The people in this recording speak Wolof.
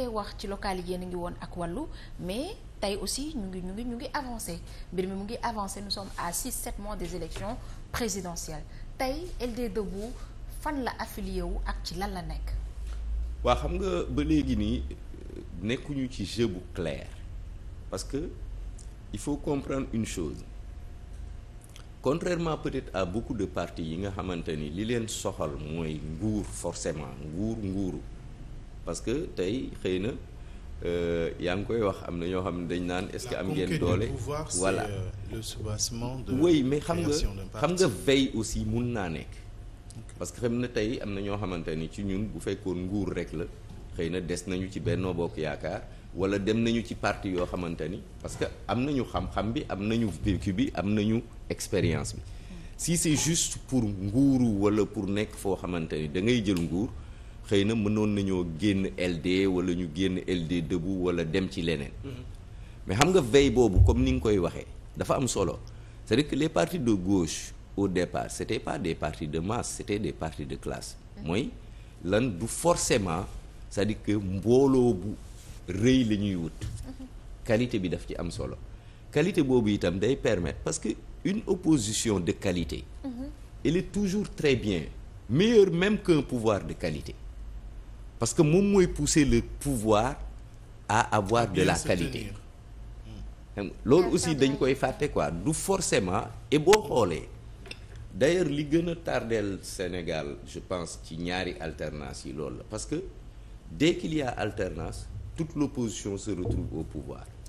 jotee wax ci local yi a ngi woon ak wàllu mais tey aussi ñu ngi ñu ngi ñu mbir mi mu ngi avancé nous sommes à six sept mois des élections présidentielles tey LD Debout fan la affilié wu ak ci lan la nekk. waa xam nga ba léegi nii nekkuñu ci jeu bu parce que il faut comprendre une chose contrairement peut-être à beaucoup de partie yi nga xamante ni li leen soxal mooy nguur forcément nguur nguuru. parce que tey xëy na euh, yaa ngi koy wax am na ñoo xam ne dañ naan est-ce que am ngeen doole voilà euh, le soubassement de oui mais xam nga xam nga veille aussi mun naa nekk parce que xam na tey am na ñoo xamante ni ci ñun bu fekkoon nguur rek la xëy na des nañu ci Benno Bokk Yaakaar wala dem nañu ci parti yoo xamante ni parce que am nañu xam-xam bi am nañu vécu bi am nañu expérience bi si c'est juste pour nguuru wala pour nekk foo xamante ni da ngay jël nguur xëy na mënoon nañoo génn LD wala ñu génn LD debout wala dem ci leneen. Mm-hmm. mais xam nga veille boobu comme ni nga koy waxee dafa am solo cest à que les partis de gauche au départ c'était pas des parti de masse c'était des parti de classe. Mm-hmm. mooy lan du forcément c'est-à-dire que mbooloo bu rëy la ñuy wut. Mm-hmm. qualité bi daf ci am solo qualité boobu itam day permettre parce que une opposition de qualité. elle est toujours très bien meilleure même qu'un pouvoir de qualité. parce que moom mooy pousser le pouvoir à avoir de la qualité loolu aussi dañ koy fàtte quoi du forcément et boo xoolee d'ailleurs li gën a tardeel Sénégal je pense ci ñaari alternance yi loolu la parce que dès qu'il alternance toute l'opposition se retrouve au pouvoir